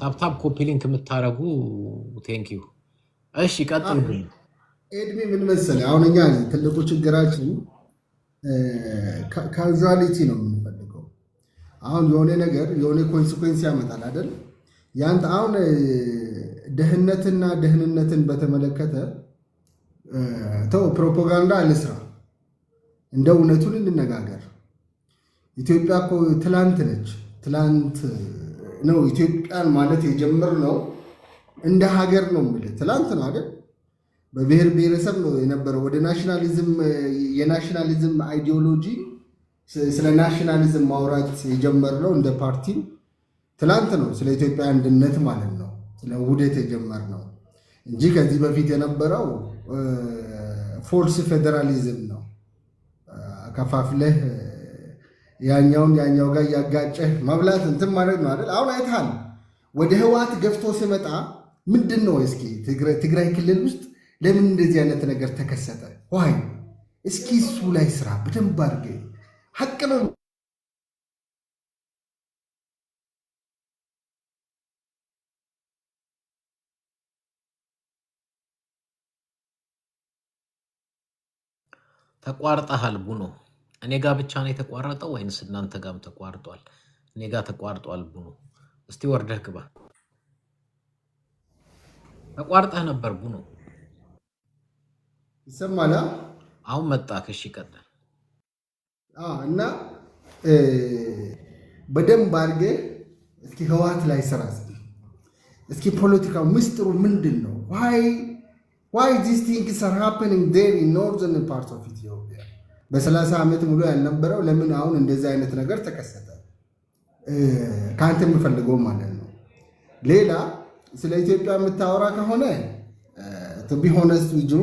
ታፕታፕ ኮፒሊንክ የምታደርጉ ቴንክ ዩ። እሺ ቀጥል። ኤድሚ ምን መሰለ፣ አሁን እኛ ትልቁ ችግራችን ካዡዋሊቲ ነው የምንፈልገው። አሁን የሆነ ነገር የሆነ ኮንሲኮንስ ያመጣል አይደል? ያንተ አሁን ደህንነትና ደህንነትን በተመለከተ ተው ፕሮፓጋንዳ አልስራ፣ እንደ እውነቱን እንነጋገር። ኢትዮጵያ እኮ ትላንት ነች ትላንት ነው ኢትዮጵያን ማለት የጀመርነው እንደ ሀገር ነው የምልህ። ነው አይደል በብሔር ብሔረሰብ ነው የነበረው ወደ ናሽናሊዝም የናሽናሊዝም አይዲዮሎጂ ስለ ናሽናሊዝም ማውራት የጀመርነው እንደ ፓርቲ ትላንት ነው፣ ስለ ኢትዮጵያ አንድነት ማለት ነው፣ ስለ ውህደት የጀመርነው እንጂ ከዚህ በፊት የነበረው ፎልስ ፌዴራሊዝም ነው ከፋፍለህ ያኛውን ያኛው ጋር እያጋጨህ መብላት እንትን ማድረግ ነው አይደል? አሁን አይተሃል። ወደ ህወሓት ገፍቶ ሲመጣ ምንድን ነው እስኪ ትግራይ ክልል ውስጥ ለምን እንደዚህ አይነት ነገር ተከሰተ? ዋይ እስኪ እሱ ላይ ስራ በደንብ አድርገ ሀቅ ነው ተቋርጠሃል ቡኖ እኔ ጋር ብቻ ነው የተቋረጠው ወይንስ እናንተ ጋም ተቋርጧል? እኔ ጋር ተቋርጧል። ቡኑ እስቲ ወርደህ ግባ። ተቋርጠህ ነበር ቡኑ። ይሰማል? አሁን መጣ። እሺ ቀጥል እና በደንብ አድርገህ እስኪ ህወሓት ላይ ስራ እስኪ ፖለቲካ ምስጢሩ ምንድን ነው? ዋይ ዚስ ቲንግስ አር ሃፕኒንግ ዴር ኢን ኖርዘርን ፓርት ኦፍ ኢትዮጵያ በሰላሳ ዓመት ሙሉ ያልነበረው ለምን አሁን እንደዚህ አይነት ነገር ተከሰተ? ከአንተ የምፈልገው ማለት ነው። ሌላ ስለ ኢትዮጵያ የምታወራ ከሆነ ቢሆነስ ጅሩ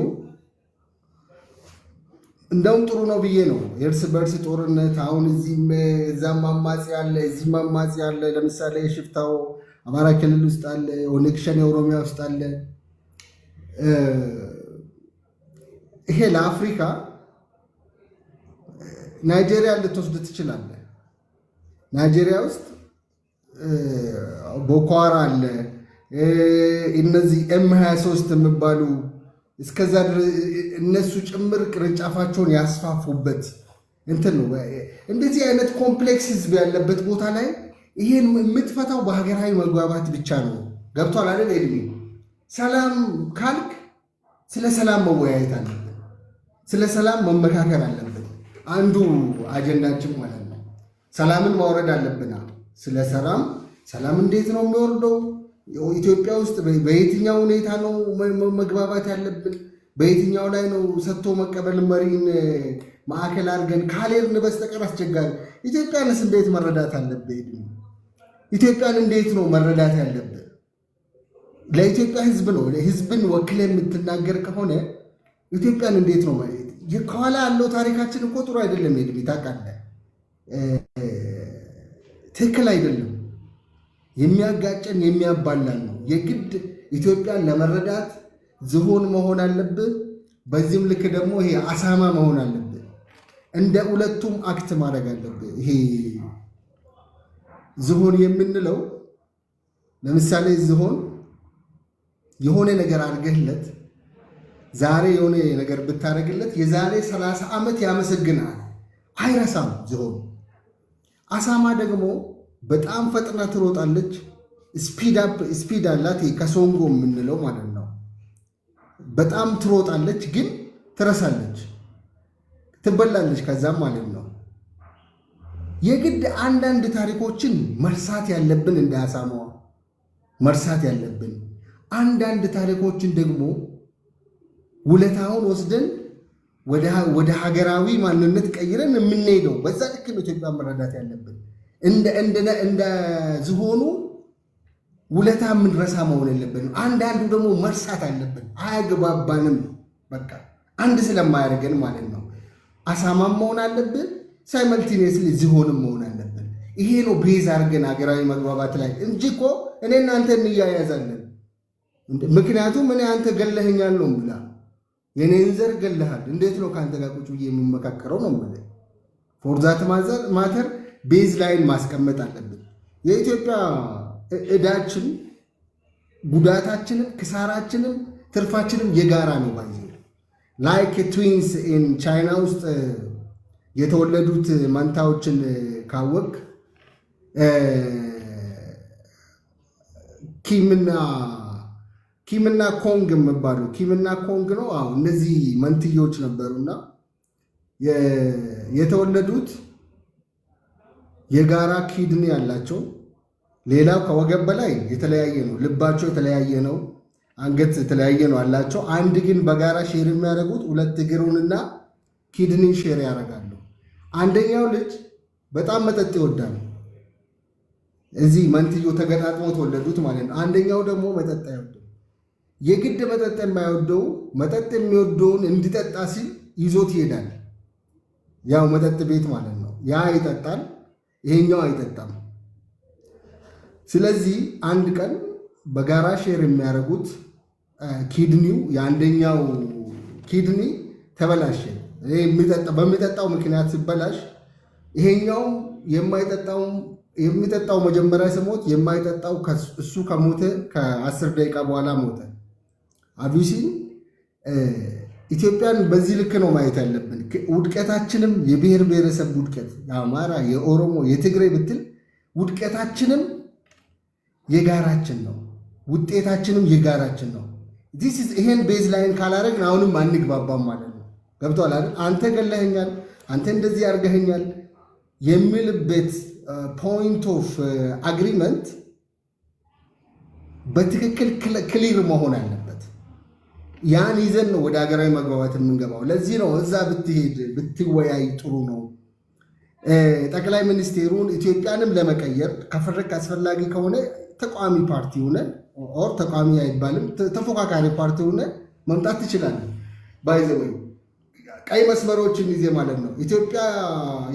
እንደውም ጥሩ ነው ብዬ ነው። የእርስ በእርስ ጦርነት አሁን እዚህም እዛም አማጺ አለ፣ እዚህም አማጺ አለ። ለምሳሌ የሽፍታው አማራ ክልል ውስጥ አለ፣ ኦነግ ሸኔ የኦሮሚያ ውስጥ አለ። ይሄ ለአፍሪካ ናይጄሪያ ልትወስድ ትችላለህ። ናይጄሪያ ውስጥ ቦኮሃራ አለ። እነዚህ ኤም 23 የሚባሉ እስከዛ እነሱ ጭምር ቅርንጫፋቸውን ያስፋፉበት እንትን ነው። እንደዚህ አይነት ኮምፕሌክስ ህዝብ ያለበት ቦታ ላይ ይሄን የምትፈታው በሀገራዊ መግባባት ብቻ ነው። ገብቷል አይደል? ኤድሚ ሰላም ካልክ ስለ ሰላም መወያየት አለብን። ስለ ሰላም መመካከር አለብን። አንዱ አጀንዳችን ማለት ነው። ሰላምን ማውረድ አለብና ስለ ሰላም ሰላም እንዴት ነው የሚወርደው? ኢትዮጵያ ውስጥ በየትኛው ሁኔታ ነው መግባባት ያለብን? በየትኛው ላይ ነው ሰጥቶ መቀበል መሪን ማዕከል አድርገን ካልሄድን በስተቀር አስቸጋሪ። ኢትዮጵያንስ እንዴት መረዳት አለብን? ኢትዮጵያን እንዴት ነው መረዳት ያለብን? ለኢትዮጵያ ሕዝብ ነው ሕዝብን ወክለ የምትናገር ከሆነ ኢትዮጵያን እንዴት ነው ከኋላ ያለው ታሪካችን እኮ ጥሩ አይደለም። የእድሜ ታውቃለህ፣ ትክክል አይደለም። የሚያጋጨን የሚያባላን ነው። የግድ ኢትዮጵያን ለመረዳት ዝሆን መሆን አለብህ። በዚህም ልክ ደግሞ ይሄ አሳማ መሆን አለብህ። እንደ ሁለቱም አክት ማድረግ አለብህ። ይሄ ዝሆን የምንለው ለምሳሌ ዝሆን የሆነ ነገር አድርገህለት ዛሬ የሆነ ነገር ብታደርግለት የዛሬ 30 ዓመት ያመሰግናል። አይረሳም ዝሆኑ። አሳማ ደግሞ በጣም ፈጥና ትሮጣለች። ስፒድ አላት፣ ከሶንጎ የምንለው ማለት ነው። በጣም ትሮጣለች፣ ግን ትረሳለች፣ ትበላለች። ከዛም ማለት ነው የግድ አንዳንድ ታሪኮችን መርሳት ያለብን እንደ አሳማዋ መርሳት ያለብን አንዳንድ ታሪኮችን ደግሞ ውለታውን ወስደን ወደ ሀገራዊ ማንነት ቀይረን የምንሄደው በዛ ልክ ነው። ኢትዮጵያ መረዳት ያለብን እንደ ዝሆኑ ውለታ የምንረሳ መሆን የለብን። አንዳንዱ ደግሞ መርሳት አለብን። አያግባባንም ነው በቃ አንድ ስለማያደርገን ማለት ነው። አሳማም መሆን አለብን፣ ሳይመልቲኔስሊ ዝሆንም መሆን አለብን። ይሄ ነው ቤዝ አድርገን ሀገራዊ መግባባት ላይ እንጂ እኮ እኔ እናንተ እንያያዛለን። ምክንያቱም እኔ አንተ ገለህኛል ነው ብላ የኔን ዘር ገለሃል። እንዴት ነው ከአንተ ጋር ቁጭ ብዬ የምመካከረው? ነው ማለ ፎርዛት ማተር ቤዝ ላይን ማስቀመጥ አለብን። የኢትዮጵያ እዳችን ጉዳታችንም ክሳራችንም ትርፋችንም የጋራ ነው። ባይ ላይክ ትዊንስ ኢን ቻይና ውስጥ uh, የተወለዱት ማንታዎችን uh, ካወቅ uh, ኪምና ኪምና ኮንግ የሚባሉ ኪምና ኮንግ ነው። አሁ እነዚህ መንትዮች ነበሩና የተወለዱት የጋራ ኪድኒ ያላቸው፣ ሌላው ከወገብ በላይ የተለያየ ነው። ልባቸው የተለያየ ነው። አንገት የተለያየ ነው አላቸው። አንድ ግን በጋራ ሼር የሚያደርጉት ሁለት እግሩንና ኪድኒ ሼር ያደርጋሉ። አንደኛው ልጅ በጣም መጠጥ ይወዳል። እዚህ መንትዮ ተገጣጥሞ ተወለዱት ማለት ነው። አንደኛው ደግሞ መጠጥ አይወድም። የግድ መጠጥ የማይወደው መጠጥ የሚወደውን እንዲጠጣ ሲል ይዞት ይሄዳል። ያው መጠጥ ቤት ማለት ነው። ያ ይጠጣል፣ ይሄኛው አይጠጣም። ስለዚህ አንድ ቀን በጋራ ሼር የሚያደርጉት ኪድኒው የአንደኛው ኪድኒ ተበላሸ። በሚጠጣው ምክንያት ሲበላሽ ይሄኛው የሚጠጣው መጀመሪያ ስሞት የማይጠጣው እሱ ከሞተ ከአስር ደቂቃ በኋላ ሞተ። አቢሲን ኢትዮጵያን በዚህ ልክ ነው ማየት ያለብን። ውድቀታችንም የብሔር ብሔረሰብ ውድቀት የአማራ፣ የኦሮሞ፣ የትግራይ ብትል ውድቀታችንም የጋራችን ነው፣ ውጤታችንም የጋራችን ነው። ይሄን ቤዝ ላይን ካላረግን አሁንም አንግባባም ማለት ነው። ገብቶሃል አይደል? አንተ ገለኸኛል፣ አንተ እንደዚህ አርገኸኛል የሚልበት ፖይንት ኦፍ አግሪመንት በትክክል ክሊር መሆን አለ። ያን ይዘን ነው ወደ ሀገራዊ መግባባት የምንገባው። ለዚህ ነው እዛ ብትሄድ ብትወያይ ጥሩ ነው። ጠቅላይ ሚኒስቴሩን ኢትዮጵያንም ለመቀየር ከፈረክ አስፈላጊ ከሆነ ተቃዋሚ ፓርቲ ሆነ ኦር ተቃዋሚ አይባልም ተፎካካሪ ፓርቲ ሆነ መምጣት ትችላለህ። ባይዘወይ ቀይ መስመሮችን ይዜ ማለት ነው። ኢትዮጵያ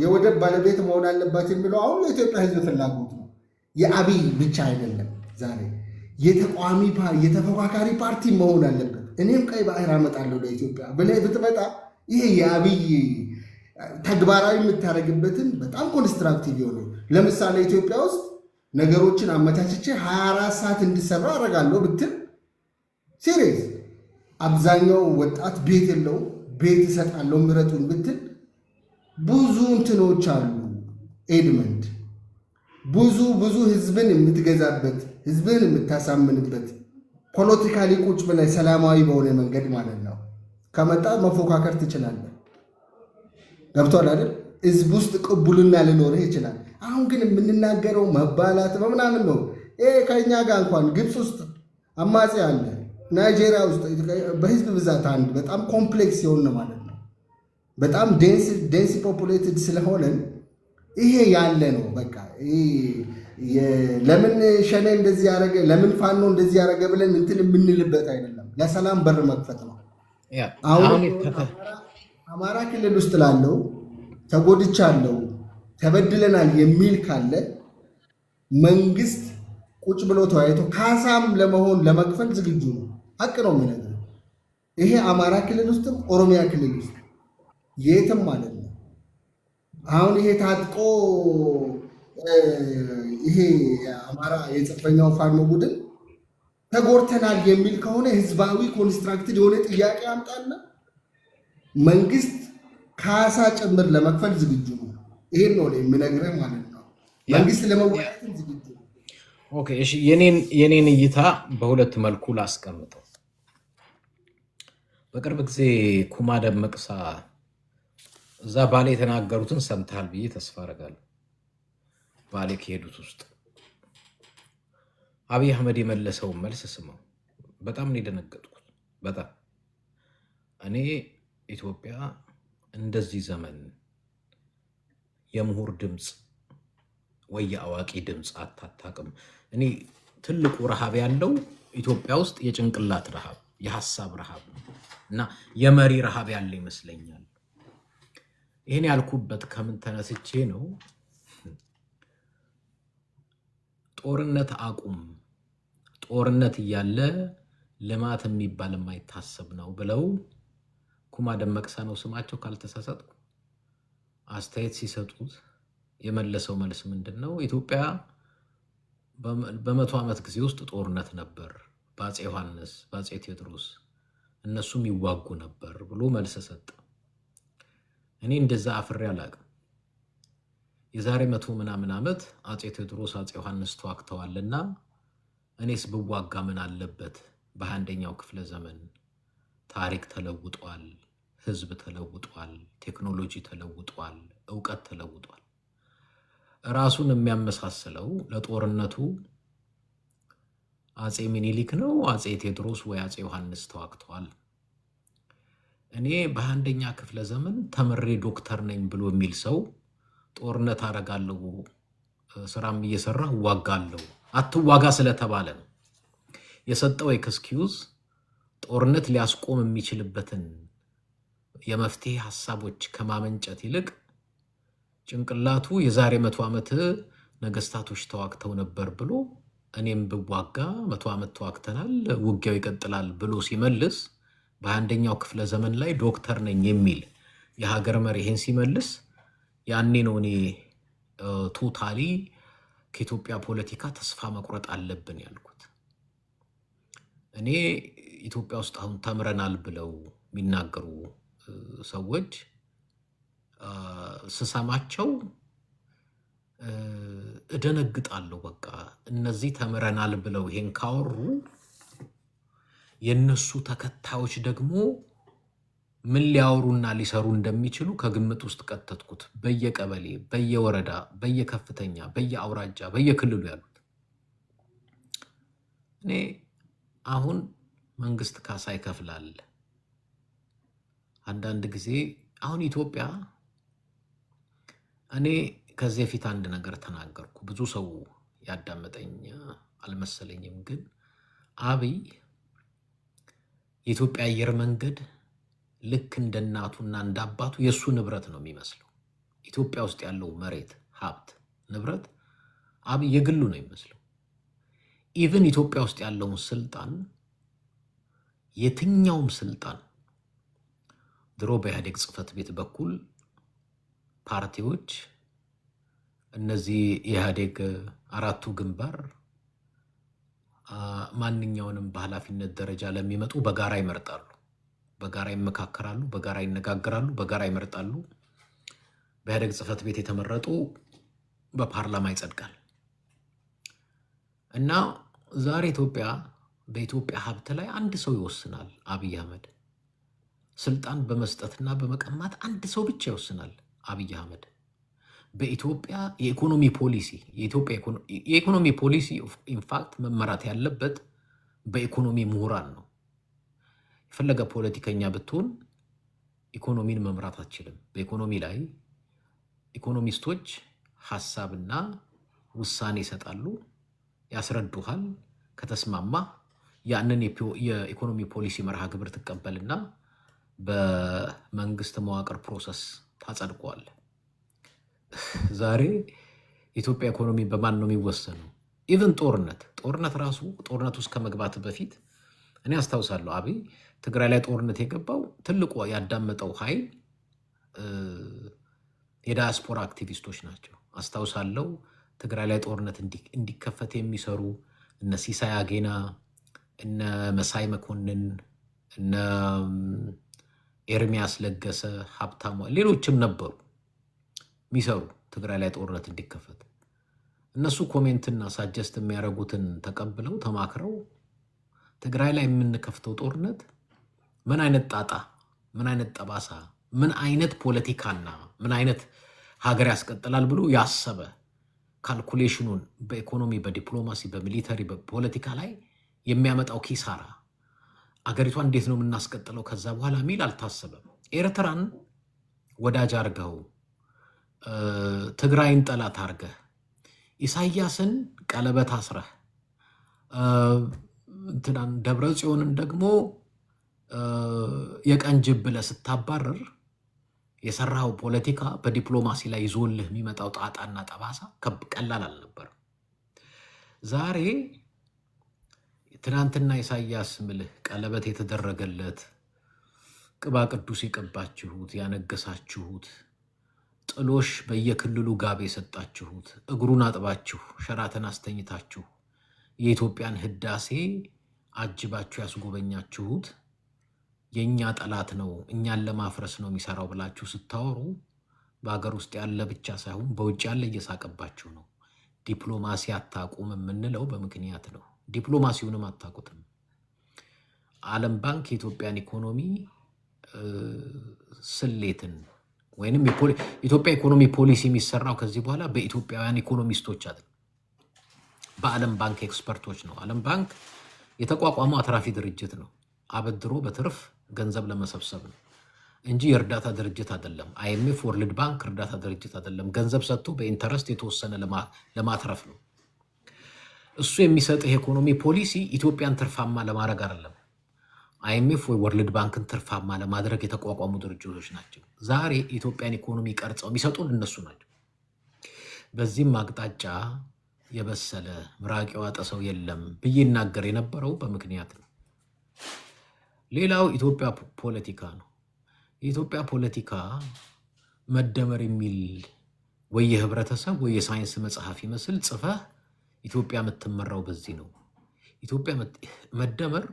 የወደብ ባለቤት መሆን አለባት የሚለው አሁን የኢትዮጵያ ሕዝብ ፍላጎት ነው። የአብይ ብቻ አይደለም። ዛሬ የተቃዋሚ የተፎካካሪ ፓርቲ መሆን አለበት። እኔም ቀይ ባህር አመጣለሁ ለኢትዮጵያ ብለህ ብትመጣ ይሄ የአብይ ተግባራዊ የምታደርግበትን በጣም ኮንስትራክቲቭ የሆነ ለምሳሌ ኢትዮጵያ ውስጥ ነገሮችን አመቻችቼ 24 ሰዓት እንዲሰራ አደርጋለሁ ብትል ሲሪየስ አብዛኛው ወጣት ቤት የለው ቤት እሰጣለሁ ምረጡን ብትል ብዙ እንትኖች አሉ። ኤድመንድ ብዙ ብዙ ህዝብን የምትገዛበት ህዝብን የምታሳምንበት ፖለቲካሊ ቁጭ ብለህ ሰላማዊ በሆነ መንገድ ማለት ነው ከመጣ መፎካከር ትችላለህ። ገብቷል አይደል? ህዝብ ውስጥ ቅቡልና ልኖርህ ይችላል። አሁን ግን የምንናገረው መባላት በምናምን ነው። ይሄ ከእኛ ጋር እንኳን ግብፅ ውስጥ አማጺ አለ፣ ናይጄሪያ ውስጥ በህዝብ ብዛት አንድ በጣም ኮምፕሌክስ የሆነ ማለት ነው። በጣም ዴንስ ፖፑሌትድ ስለሆነን ይሄ ያለ ነው በቃ ለምን ሸኔ እንደዚህ ያደረገ፣ ለምን ፋኖ እንደዚህ ያደረገ ብለን እንትን የምንልበት አይደለም። ለሰላም በር መክፈት ነው። አሁን አማራ ክልል ውስጥ ላለው ተጎድቻለሁ፣ ተበድለናል የሚል ካለ መንግስት ቁጭ ብሎ ተወያይቶ ካሳም ለመሆን ለመክፈል ዝግጁ ነው። ሀቅ ነው የሚነግረው። ይሄ አማራ ክልል ውስጥም ኦሮሚያ ክልል ውስጥ የትም ማለት ነው። አሁን ይሄ ታጥቆ ይሄ አማራ የጽንፈኛው ፋኖ ቡድን ተጎድተናል የሚል ከሆነ ህዝባዊ ኮንስትራክትድ የሆነ ጥያቄ አምጣና መንግስት ካሳ ጭምር ለመክፈል ዝግጁ ነው። ይሄን ነው የምነግርህ ማለት ነው። መንግስት ለመወያየትም ዝግጁ ነው። የኔን እይታ በሁለት መልኩ ላስቀምጠው። በቅርብ ጊዜ ኩማ ደመቅሳ እዛ ባሌ የተናገሩትን ሰምተሃል ብዬ ተስፋ አደርጋለሁ። ባሌ ከሄዱት ውስጥ አብይ አህመድ የመለሰውን መልስ ስመው በጣም ነው የደነገጥኩት። በጣም እኔ ኢትዮጵያ እንደዚህ ዘመን የምሁር ድምፅ ወይ የአዋቂ ድምፅ አታታቅም። እኔ ትልቁ ረሃብ ያለው ኢትዮጵያ ውስጥ የጭንቅላት ረሃብ፣ የሀሳብ ረሃብ እና የመሪ ረሃብ ያለ ይመስለኛል። ይህን ያልኩበት ከምን ተነስቼ ነው? ጦርነት አቁም፣ ጦርነት እያለ ልማት የሚባል የማይታሰብ ነው ብለው ኩማ ደመቅሳ ነው ስማቸው ካልተሳሳትኩ፣ አስተያየት ሲሰጡት የመለሰው መልስ ምንድን ነው? ኢትዮጵያ በመቶ ዓመት ጊዜ ውስጥ ጦርነት ነበር፣ በአፄ ዮሐንስ በአፄ ቴዎድሮስ እነሱም ይዋጉ ነበር ብሎ መልስ ሰጠ። እኔ እንደዛ አፍሬ አላቅም። የዛሬ መቶ ምናምን ዓመት አፄ ቴዎድሮስ አፄ ዮሐንስ ተዋግተዋልና እኔስ ብዋጋ ምን አለበት? በአንደኛው ክፍለ ዘመን ታሪክ ተለውጧል፣ ህዝብ ተለውጧል፣ ቴክኖሎጂ ተለውጧል፣ እውቀት ተለውጧል። ራሱን የሚያመሳስለው ለጦርነቱ አፄ ሚኒሊክ ነው፣ አጼ ቴዎድሮስ ወይ አጼ ዮሐንስ ተዋግተዋል። እኔ በአንደኛ ክፍለ ዘመን ተምሬ ዶክተር ነኝ ብሎ የሚል ሰው ጦርነት አደርጋለሁ፣ ስራም እየሰራ እዋጋለሁ። አትዋጋ ስለተባለ ነው የሰጠው ኤክስኪውዝ ጦርነት ሊያስቆም የሚችልበትን የመፍትሄ ሀሳቦች ከማመንጨት ይልቅ ጭንቅላቱ የዛሬ መቶ ዓመት ነገስታቶች ተዋግተው ነበር ብሎ እኔም ብዋጋ መቶ ዓመት ተዋግተናል፣ ውጊያው ይቀጥላል ብሎ ሲመልስ በአንደኛው ክፍለ ዘመን ላይ ዶክተር ነኝ የሚል የሀገር መሪ ይሄን ሲመልስ ያኔ ነው እኔ ቶታሊ ከኢትዮጵያ ፖለቲካ ተስፋ መቁረጥ አለብን ያልኩት። እኔ ኢትዮጵያ ውስጥ አሁን ተምረናል ብለው የሚናገሩ ሰዎች ስሰማቸው እደነግጣለሁ። በቃ እነዚህ ተምረናል ብለው ይሄን ካወሩ የእነሱ ተከታዮች ደግሞ ምን ሊያወሩና ሊሰሩ እንደሚችሉ ከግምት ውስጥ ቀተትኩት። በየቀበሌ፣ በየወረዳ፣ በየከፍተኛ፣ በየአውራጃ፣ በየክልሉ ያሉት እኔ አሁን መንግስት ካሳ ይከፍላል። አንዳንድ ጊዜ አሁን ኢትዮጵያ እኔ ከዚህ በፊት አንድ ነገር ተናገርኩ። ብዙ ሰው ያዳመጠኝ አልመሰለኝም። ግን አብይ የኢትዮጵያ አየር መንገድ ልክ እንደ እናቱና እንደ አባቱ የእሱ ንብረት ነው የሚመስለው። ኢትዮጵያ ውስጥ ያለው መሬት፣ ሀብት፣ ንብረት አብይ የግሉ ነው የሚመስለው። ኢቨን ኢትዮጵያ ውስጥ ያለውን ስልጣን የትኛውም ስልጣን ድሮ በኢህአዴግ ጽህፈት ቤት በኩል ፓርቲዎች እነዚህ የኢህአዴግ አራቱ ግንባር ማንኛውንም በኃላፊነት ደረጃ ለሚመጡ በጋራ ይመርጣሉ። በጋራ ይመካከራሉ፣ በጋራ ይነጋገራሉ፣ በጋራ ይመርጣሉ። በያደግ ጽህፈት ቤት የተመረጡ በፓርላማ ይጸድቃል። እና ዛሬ ኢትዮጵያ በኢትዮጵያ ሀብት ላይ አንድ ሰው ይወስናል። አብይ አህመድ ስልጣን በመስጠትና በመቀማት አንድ ሰው ብቻ ይወስናል። አብይ አህመድ በኢትዮጵያ የኢኮኖሚ ፖሊሲ የኢኮኖሚ ፖሊሲ ኢንፋክት መመራት ያለበት በኢኮኖሚ ምሁራን ነው። የፈለገ ፖለቲከኛ ብትሆን ኢኮኖሚን መምራት አትችልም። በኢኮኖሚ ላይ ኢኮኖሚስቶች ሀሳብና ውሳኔ ይሰጣሉ፣ ያስረዱሃል። ከተስማማ ያንን የኢኮኖሚ ፖሊሲ መርሃ ግብር ትቀበልና በመንግስት መዋቅር ፕሮሰስ ታጸድቋል። ዛሬ ኢትዮጵያ ኢኮኖሚ በማን ነው የሚወሰነው? ኢቨን ጦርነት ጦርነት ራሱ ጦርነት ውስጥ ከመግባት በፊት እኔ አስታውሳለሁ አብይ ትግራይ ላይ ጦርነት የገባው ትልቁ ያዳመጠው ኃይል የዳያስፖራ አክቲቪስቶች ናቸው። አስታውሳለሁ ትግራይ ላይ ጦርነት እንዲከፈት የሚሰሩ እነ ሲሳይ አጌና፣ እነ መሳይ መኮንን፣ እነ ኤርሚያስ ለገሰ፣ ሀብታሙ፣ ሌሎችም ነበሩ የሚሰሩ ትግራይ ላይ ጦርነት እንዲከፈት እነሱ ኮሜንትና ሳጀስት የሚያደርጉትን ተቀብለው ተማክረው ትግራይ ላይ የምንከፍተው ጦርነት ምን አይነት ጣጣ፣ ምን አይነት ጠባሳ፣ ምን አይነት ፖለቲካና ምን አይነት ሀገር ያስቀጥላል ብሎ ያሰበ ካልኩሌሽኑን በኢኮኖሚ፣ በዲፕሎማሲ፣ በሚሊተሪ፣ በፖለቲካ ላይ የሚያመጣው ኪሳራ አገሪቷ እንዴት ነው የምናስቀጥለው ከዛ በኋላ ሚል አልታሰበም። ኤርትራን ወዳጅ አርገው ትግራይን ጠላት አርገህ ኢሳያስን ቀለበት አስረህ ደብረ ጽዮንን ደግሞ የቀን ጅብ ብለህ የሰራው ፖለቲካ በዲፕሎማሲ ላይ ይዞልህ የሚመጣው ጣጣና ጠባሳ ቀላል አልነበርም። ዛሬ ትናንትና ኢሳያስ ምልህ ቀለበት የተደረገለት ቅባ ቅዱስ የቀባችሁት ያነገሳችሁት ጥሎሽ በየክልሉ ጋብ የሰጣችሁት እግሩን አጥባችሁ ሸራተን አስተኝታችሁ የኢትዮጵያን ሕዳሴ አጅባችሁ ያስጎበኛችሁት የእኛ ጠላት ነው፣ እኛን ለማፍረስ ነው የሚሰራው ብላችሁ ስታወሩ በሀገር ውስጥ ያለ ብቻ ሳይሆን በውጭ ያለ እየሳቀባችሁ ነው። ዲፕሎማሲ አታቁም የምንለው በምክንያት ነው። ዲፕሎማሲውንም አታቁትም። ዓለም ባንክ የኢትዮጵያን ኢኮኖሚ ስሌትን ወይም ኢትዮጵያ ኢኮኖሚ ፖሊሲ የሚሰራው ከዚህ በኋላ በኢትዮጵያውያን ኢኮኖሚስቶች አይደል፣ በዓለም ባንክ ኤክስፐርቶች ነው። ዓለም ባንክ የተቋቋመው አትራፊ ድርጅት ነው። አበድሮ በትርፍ ገንዘብ ለመሰብሰብ ነው እንጂ የእርዳታ ድርጅት አይደለም። አይኤምኤፍ፣ ወርልድ ባንክ እርዳታ ድርጅት አይደለም። ገንዘብ ሰጥቶ በኢንተረስት የተወሰነ ለማትረፍ ነው። እሱ የሚሰጥህ የኢኮኖሚ ፖሊሲ ኢትዮጵያን ትርፋማ ለማድረግ አይደለም። አይኤምኤፍ ወይ ወርልድ ባንክን ትርፋማ ለማድረግ የተቋቋሙ ድርጅቶች ናቸው። ዛሬ ኢትዮጵያን ኢኮኖሚ ቀርጸው የሚሰጡን እነሱ ናቸው። በዚህም አቅጣጫ የበሰለ ምራቂው አጠሰው የለም ብዬ ይናገር የነበረው በምክንያት ነው። ሌላው ኢትዮጵያ ፖለቲካ ነው። የኢትዮጵያ ፖለቲካ መደመር የሚል ወይ የህብረተሰብ ወይ የሳይንስ መጽሐፍ ይመስል ጽፈህ ኢትዮጵያ የምትመራው በዚህ ነው። ኢትዮጵያ መደመር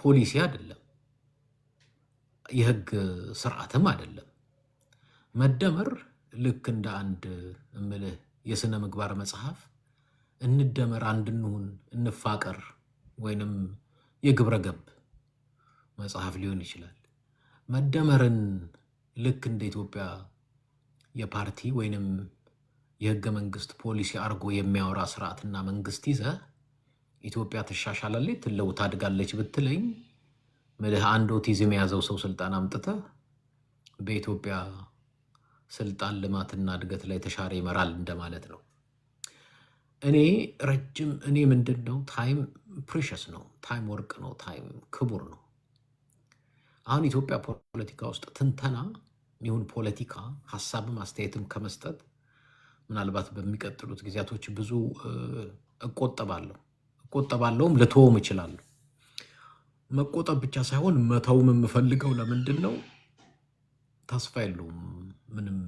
ፖሊሲ አይደለም፣ የህግ ስርዓትም አይደለም። መደመር ልክ እንደ አንድ እምልህ የስነ ምግባር መጽሐፍ እንደመር፣ አንድንሁን፣ እንፋቀር ወይንም የግብረ ገብ መጽሐፍ ሊሆን ይችላል። መደመርን ልክ እንደ ኢትዮጵያ የፓርቲ ወይንም የህገ መንግስት ፖሊሲ አድርጎ የሚያወራ ስርዓትና መንግስት ይዘ ኢትዮጵያ ትሻሻላለች፣ ትለው ታድጋለች ብትለኝ ምልህ አንድ ኦቲዝም የያዘው ሰው ስልጣን አምጥተ በኢትዮጵያ ስልጣን ልማትና እድገት ላይ ተሻረ ይመራል እንደማለት ነው። እኔ ረጅም እኔ ምንድን ነው ታይም ፕሪሸስ ነው። ታይም ወርቅ ነው። ታይም ክቡር ነው። አሁን ኢትዮጵያ ፖለቲካ ውስጥ ትንተና ይሁን ፖለቲካ ሀሳብም አስተያየትም ከመስጠት ምናልባት በሚቀጥሉት ጊዜያቶች ብዙ እቆጠባለሁ እቆጠባለሁም ልተውም እችላለሁ። መቆጠብ ብቻ ሳይሆን መተውም የምፈልገው ለምንድን ነው ተስፋ የለውም ምንም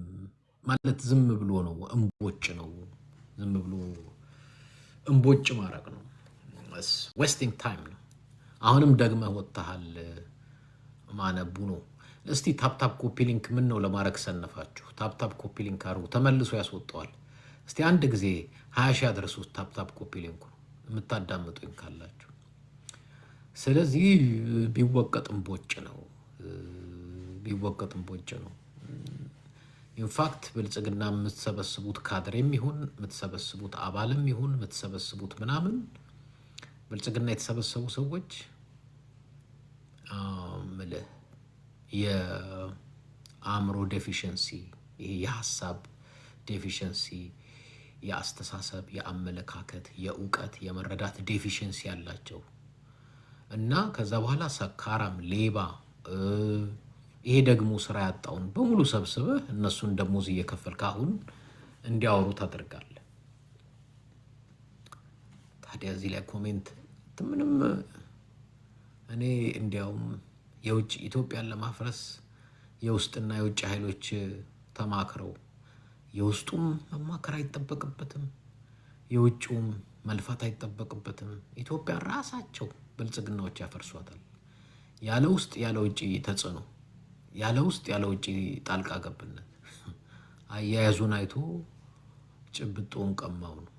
ማለት ዝም ብሎ ነው እምቦጭ ነው ዝም ብሎ እምቦጭ ማድረግ ነው። ዌስቲንግ ታይም ነው። አሁንም ደግመህ ወጥተሃል ማነቡ ነው። እስቲ ታፕታፕ ኮፒ ሊንክ ምን ነው ለማድረግ ሰነፋችሁ? ታፕታፕ ኮፒ ሊንክ አድርጉ፣ ተመልሶ ያስወጠዋል። እስቲ አንድ ጊዜ ሀያ ሺህ አድርሱት። ታፕታፕ ኮፒ ሊንኩ የምታዳምጡኝ ካላችሁ። ስለዚህ ቢወቀጥ እምቦጭ ነው፣ ቢወቀጥ እምቦጭ ነው። ኢንፋክት ብልጽግና የምትሰበስቡት ካድሬም ይሁን የምትሰበስቡት አባልም ይሁን የምትሰበስቡት ምናምን ብልጽግና የተሰበሰቡ ሰዎች ምልህ የአእምሮ ዴፊሽንሲ ይሄ የሀሳብ ዴፊሽንሲ የአስተሳሰብ፣ የአመለካከት፣ የእውቀት፣ የመረዳት ዴፊሽንሲ ያላቸው እና ከዛ በኋላ ሰካራም ሌባ ይሄ ደግሞ ስራ ያጣውን በሙሉ ሰብስበህ እነሱን ደሞዝ እየከፈልክ አሁን እንዲያወሩ ታደርጋለህ። ታዲያ እዚህ ላይ ኮሜንት ምንም እኔ እንዲያውም የውጭ ኢትዮጵያን ለማፍረስ የውስጥና የውጭ ኃይሎች ተማክረው የውስጡም መማከር አይጠበቅበትም፣ የውጭውም መልፋት አይጠበቅበትም። ኢትዮጵያ ራሳቸው ብልጽግናዎች ያፈርሷታል ያለ ውስጥ ያለ ውጭ ተጽዕኖ ያለ ውስጥ ያለ ውጭ ጣልቃ ገብነት አያያዙን አይቶ ጭብጦን ቀማው ነው።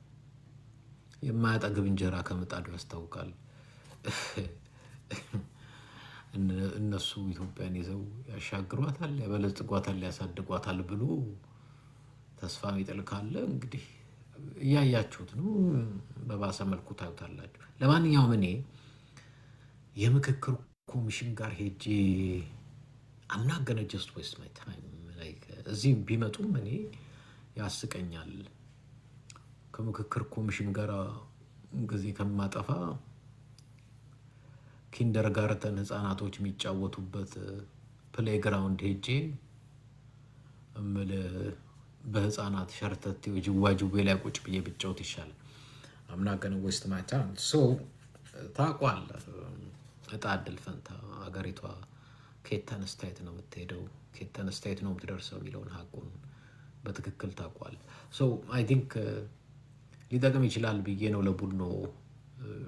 የማያጠግብ እንጀራ ከምጣዱ ያስታውቃል። እነሱ ኢትዮጵያን ይዘው ያሻግሯታል፣ ያበለጽጓታል፣ ያሳድጓታል ብሎ ተስፋ ሚጥል ካለ እንግዲህ እያያችሁት ነው። በባሰ መልኩ ታዩታላችሁ። ለማንኛውም እኔ የምክክር ኮሚሽን ጋር ሄጄ አምናት ገነ ጀስት ዌስት ማይ ታይም እዚህ ቢመጡም እኔ ያስቀኛል። ከምክክር ኮሚሽን ጋር ጊዜ ከማጠፋ ኪንደር ጋርተን ህጻናቶች የሚጫወቱበት ፕሌግራውንድ ሄጄ እምል በህፃናት ሸርተቴ ጅዋጅዌ ላይ ቁጭ ብዬ ብጫወት ይሻላል። አምና ገነ ዌስት ማይ ታይም ታቋል። እጣ እድል ፈንታ አገሪቷ ከየት ተነስታየት ነው የምትሄደው፣ ከየት ተነስታየት ነው የምትደርሰው የሚለውን ሀቁን በትክክል ታውቋል። ሶ አይ ቲንክ ሊጠቅም ይችላል ብዬ ነው ለቡድኖ